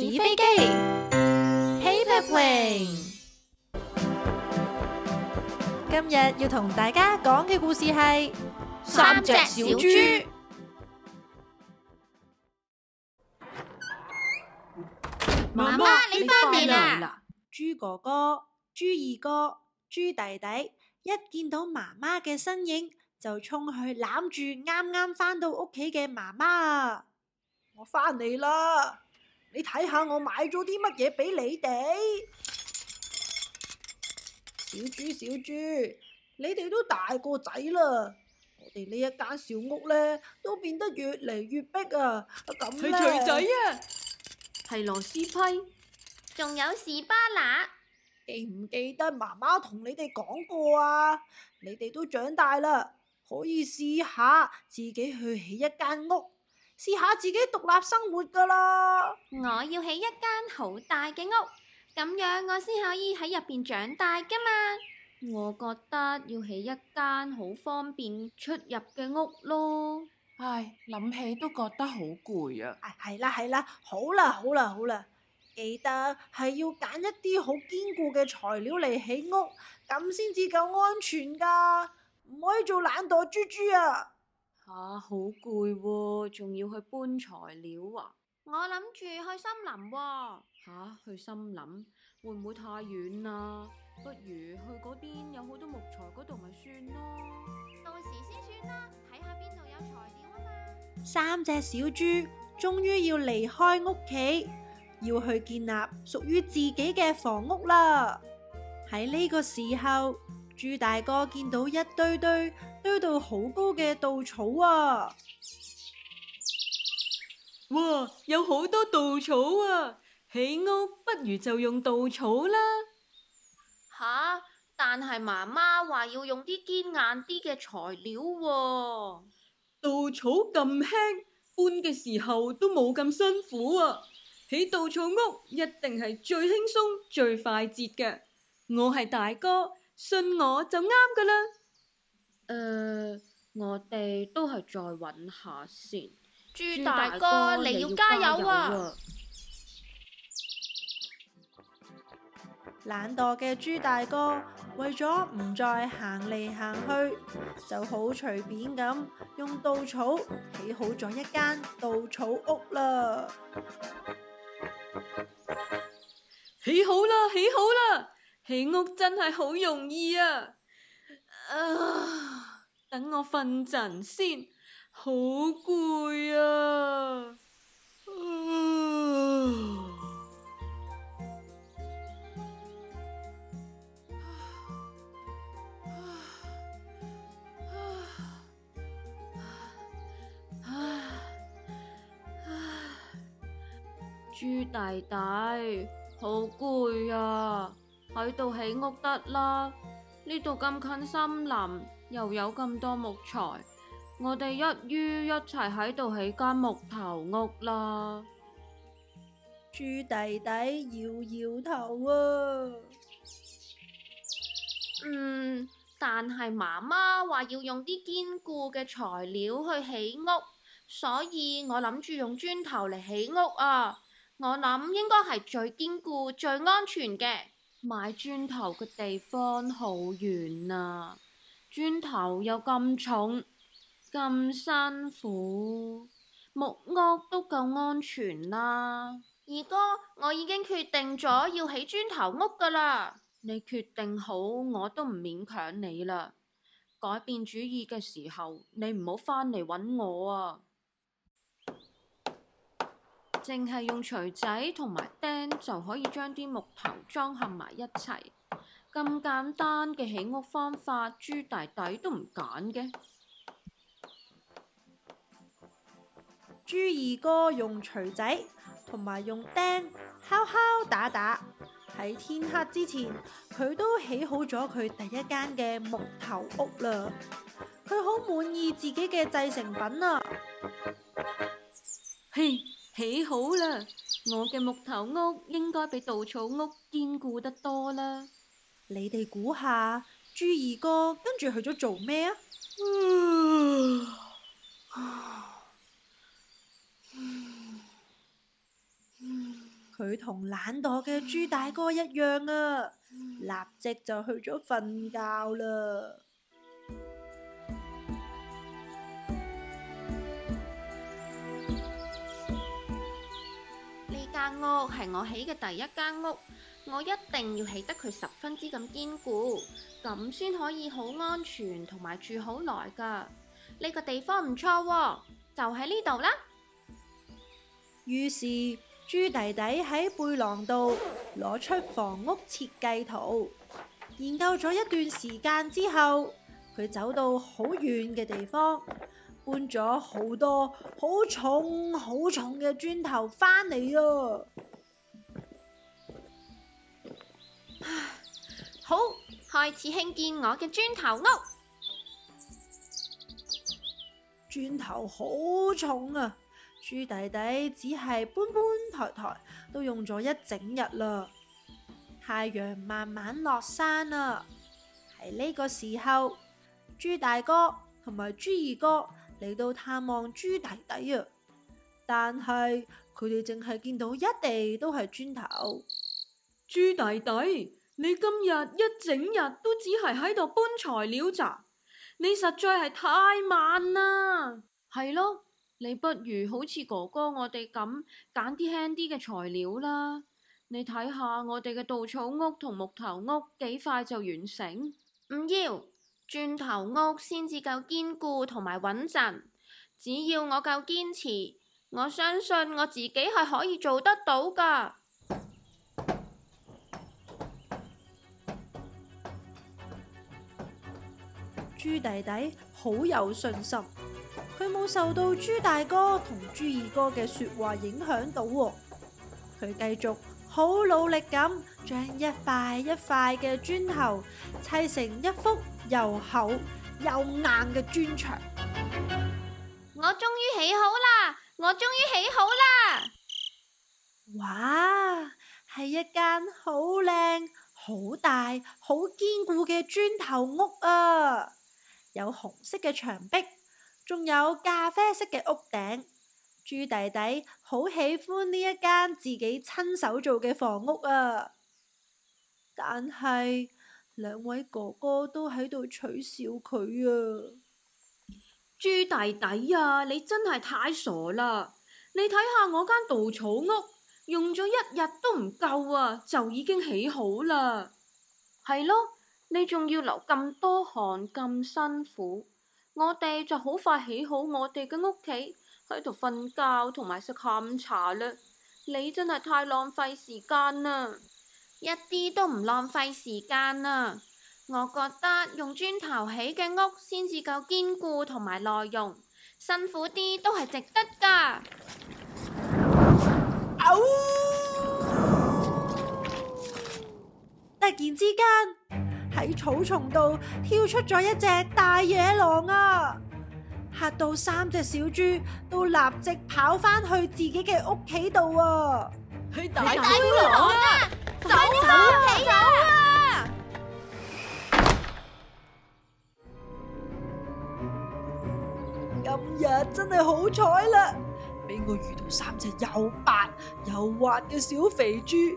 紙飛機，paper plane。今日要同大家講嘅故事係三隻小豬。媽媽，你翻嚟返嚟啦！豬哥哥、豬二哥、豬弟弟一見到媽媽嘅身影，就衝去攬住啱啱返到屋企嘅媽媽。我返嚟啦！你睇下我買咗啲乜嘢俾你哋？小豬小豬，你哋都大個仔啦，我哋呢一間小屋呢，都變得越嚟越逼啊！咁咧，係錘仔啊，係螺絲批，仲有士巴拿，記唔記得媽媽同你哋講過啊？你哋都長大啦，可以試下自己去起一間屋。試下自己獨立生活噶啦！我要起一間好大嘅屋，咁樣我先可以喺入邊長大噶嘛。我覺得要起一間好方便出入嘅屋咯。唉，諗起都覺得好攰啊！唉，啊，係啦係啦，好啦好啦好啦，記得係要揀一啲好堅固嘅材料嚟起屋，咁先至夠安全噶，唔可以做懶惰豬豬啊！吓，好攰，仲要去搬材料啊！我諗住去森林，吓，去森林會唔會太遠啊？不如去嗰邊有好多木材嗰度咪算咯。到時先算啦，睇下邊度有材料啊嘛。三隻小豬終於要離開屋企，要去建立屬於自己嘅房屋啦。喺呢個時候，豬大哥見到一堆堆。堆到好高嘅稻草啊！哇，有好多稻草啊！起屋不如就用稻草啦。吓，但係媽媽話要用啲堅硬啲嘅材料啊。稻草咁輕，搬嘅時候都冇咁辛苦啊！起稻草屋一定係最輕鬆最快捷嘅。我係大哥，信我就啱噶啦。誒，我哋都係再搵下先。豬大哥，你要加油啊！懶惰嘅豬大哥為咗唔再行嚟行去，就好隨便咁用稻草起好咗一間稻草屋啦。起好啦，起好啦！起屋真係好容易啊！啊！等我瞓陣先，好攰啊！呃，啊啊啊啊啊！豬弟弟，好攰啊，喺度起屋得啦，呢度咁近森林。又有咁多木材，我哋一於一齊喺度起間木頭屋啦。豬弟弟搖搖頭啊，嗯，但係媽媽話要用啲堅固嘅材料去起屋，所以我諗住用磚頭嚟起屋啊。我諗應該係最堅固、最安全嘅。買磚頭嘅地方好遠啊！磚頭又咁重，咁辛苦，木屋都夠安全啦。二哥，我已經決定咗要起磚頭屋㗎啦。你決定好，我都唔勉強你啦。改變主意嘅時候，你唔好返嚟揾我啊。淨係用鎚仔同埋釘就可以將啲木頭裝合埋一齊。咁簡單嘅起屋方法，豬弟弟都唔揀嘅。豬二哥用錘仔同埋用釘敲敲打打，喺天黑之前，佢都起好咗佢第一間嘅木頭屋啦。佢好滿意自己嘅製成品啊！嘿，起好啦！我嘅木頭屋應該比稻草屋堅固得多啦。你哋估下，豬二哥跟住去咗做咩啊？佢同懶惰嘅豬大哥一樣啊，立即就去咗瞓覺啦。呢間屋係我起嘅第一間屋。我一定要起得佢十分之咁堅固，咁先可以好安全同埋住好耐噶。呢個地方唔錯喎，就喺呢度啦。於是，豬弟弟喺背囊度攞出房屋設計圖，研究咗一段時間之後，佢走到好遠嘅地方，搬咗好多好重好重嘅磚頭返嚟啊。好，開始興建我嘅磚頭屋。磚頭好重啊，豬弟弟只係搬搬抬抬，都用咗一整日啦。太陽慢慢落山啦。啊，喺呢個時候，豬大哥同埋豬二哥嚟到探望豬弟弟啊，但係佢哋淨係見到一地都係磚頭，豬弟弟。你今日一整日都只係喺度搬材料咋？你實在係太慢啦，係咯？你不如好似哥哥我哋咁揀啲輕啲嘅材料啦。你睇下我哋嘅稻草屋同木頭屋幾快就完成。唔要，磚頭屋先至夠堅固同埋穩陣。只要我夠堅持，我相信我自己係可以做得到噶。豬弟弟好有信心，佢冇受到豬大哥同豬二哥嘅說話影響到。佢繼續好努力咁將一塊一塊嘅磚頭砌成一幅又厚又硬嘅磚牆。我終於起好啦！我終於起好啦！哇，係一間好靚、好大、好堅固嘅磚頭屋啊！有紅色嘅牆壁，仲有咖啡色嘅屋頂。豬弟弟好喜歡呢一間自己親手做嘅房屋啊！但係兩位哥哥都喺度取笑佢啊！豬弟弟啊，你真係太傻啦！你睇下我間稻草屋，用咗一日都唔夠啊，就已經起好啦。係咯。你仲要流咁多汗咁辛苦，我哋就好快起好我哋嘅屋企，喺度瞓覺同埋食下午茶啦。你真係太浪費時間啦，一啲都唔浪費時間啦！我覺得用磚頭起嘅屋先至夠堅固同埋耐用，辛苦啲都係值得噶。突然之間。喺草叢度跳出咗一隻大野狼啊！吓到三隻小豬都立即跑翻去自己嘅屋企度啊！去大野狼啊！走屋企啊！今日真係好彩啦，俾我遇到三隻又白又滑嘅小肥豬，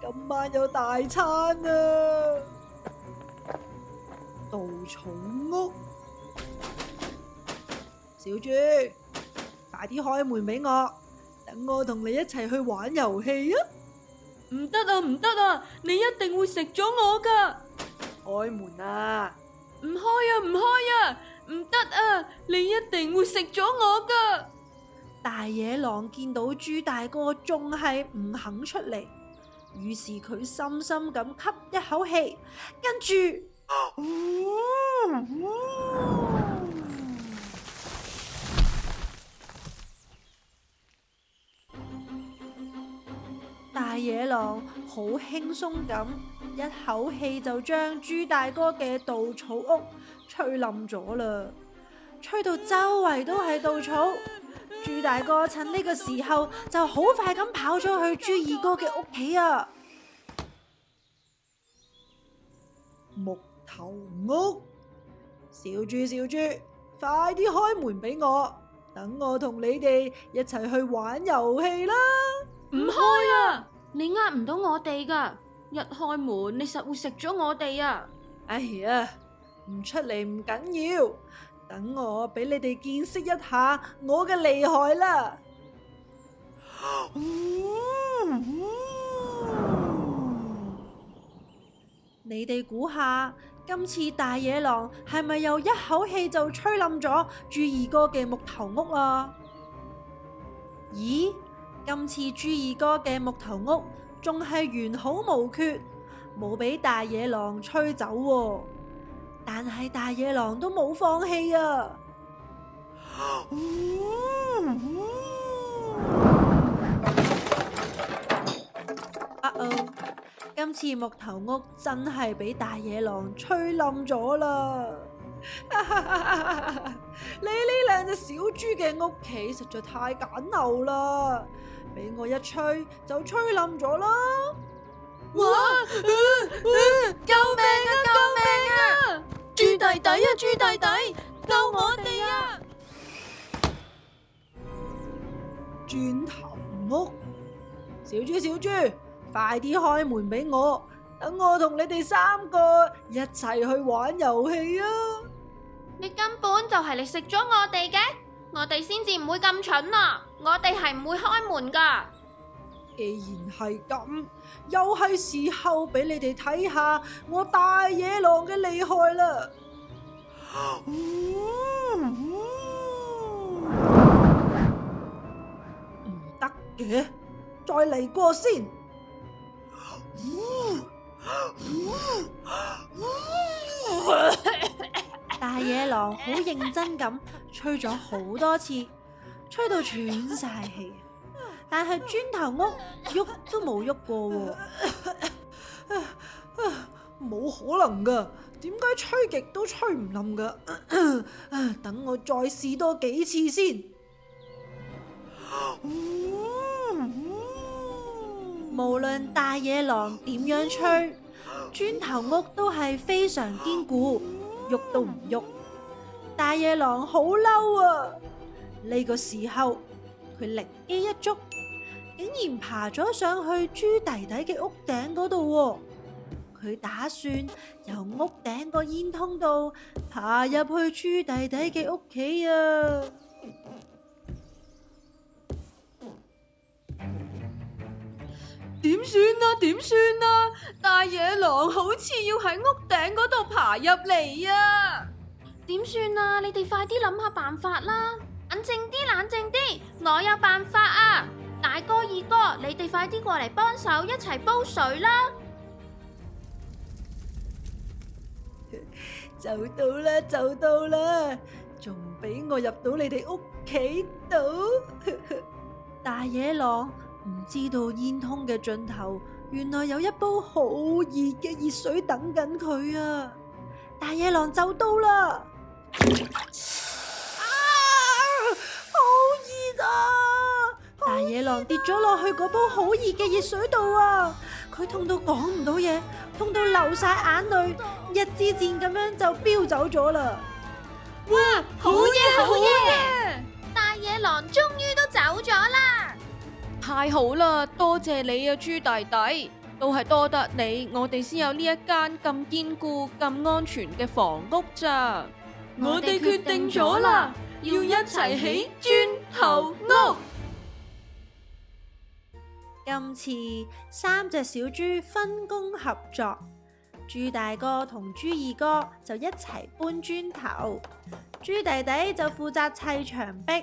今晚有大餐啊！稻草屋，小豬，快啲開門俾我，等我同你一齊去玩遊戲啊！唔得啊，唔得啊，你一定會食咗我噶！開門啊！唔開啊，唔開啊！唔得啊，你一定會食咗我噶！大野狼見到豬大哥仲係唔肯出嚟，於是佢深深咁吸一口氣，跟住。大野狼好輕鬆咁，一口氣就將豬大哥嘅稻草屋吹冧咗啦，吹到周圍都係稻草。豬大哥趁呢個時候就好快咁跑咗去豬二哥嘅屋企啊！頭屋，小豬小豬，快啲開門俾我，等我同你哋一齊去玩遊戲啦！唔開啊，你呃唔到我哋噶，一開門你實會食咗我哋啊！哎呀，唔出嚟唔緊要，等我俾你哋見識一下我嘅厲害啦！你哋估下。今次大野狼係咪又一口氣就吹冧咗豬二哥嘅木頭屋啊？咦，今次豬二哥嘅木頭屋仲係完好無缺，冇俾大野狼吹走啊。但係大野狼都冇放棄啊！啊哦！今次木頭屋真係俾大野狼吹冧咗啦！ 你呢兩隻小豬嘅屋企實在太簡陋啦，俾我一吹就吹冧咗啦！哇！救命啊！救命啊！豬弟弟啊！豬弟弟，救我哋啊！磚頭屋，小豬，小豬。快啲開門俾我，等我同你哋三個一齊去玩遊戲啊！你根本就係嚟食咗我哋嘅，我哋先至唔會咁蠢啊！我哋係唔會開門噶。既然係咁，又係時候俾你哋睇下我大野狼嘅厲害啦！唔得嘅，再嚟過先。大野狼好認真咁吹咗好多次，吹到喘晒氣，但係磚頭屋喐都冇喐過，冇可能㗎！點解吹極都吹唔冧㗎？等我再試多幾次先。無論大野狼點樣吹，磚頭屋都係非常堅固，喐都唔喐。大野狼好嬲啊！呢個時候，佢靈機一觸，竟然爬咗上去豬弟弟嘅屋頂嗰度。佢打算由屋頂個煙通度爬入去豬弟弟嘅屋企啊！點算啊？點算啊？大野狼好似要喺屋頂嗰度爬入嚟啊！點算啊？你哋快啲諗下辦法啦！冷靜啲，冷靜啲，我有辦法啊！大哥二哥，你哋快啲過嚟幫手一齊煲水啦！就到啦，就到啦，仲唔俾我入到你哋屋企度？大野狼。唔知道煙囪嘅盡頭，原來有一煲好熱嘅熱水等緊佢啊！大野狼就到啦！啊，好熱啊！大野狼跌咗落去嗰煲好熱嘅熱水度啊！佢痛到講唔到嘢，痛到流晒眼淚，一支箭咁樣就飆走咗啦！哇，好嘢，好嘢！大野狼中。太好啦，多謝你啊，豬弟弟，都係多得你，我哋先有呢一間咁堅固、咁安全嘅房屋咋。我哋決定咗啦，要一齊起，起磚頭屋。今次三隻小豬分工合作，豬大哥同豬二哥就一齊搬磚頭，豬弟弟就負責砌牆壁。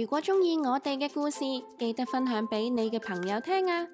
如果中意我哋嘅故事，記得分享俾你嘅朋友聽啊！